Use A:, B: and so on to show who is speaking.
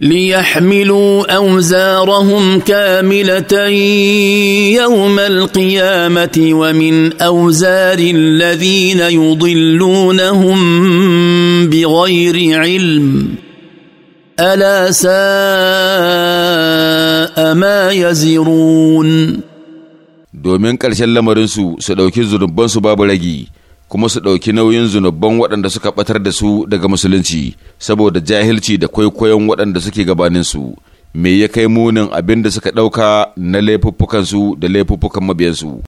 A: ليحملوا اوزارهم كامله يوم القيامه ومن اوزار الذين يضلونهم بغير علم الا ساء ما يزرون
B: دومين ƙarshen lamarinsu su ɗauki zunubansu babu ragi kuma su ɗauki nauyin zunubban waɗanda suka ɓatar da su daga musulunci saboda jahilci da kwaikwayon waɗanda suke gabaninsu me ya kai munin abin da suka ɗauka na laifuffukansu da
C: laifuffukan mabiyansu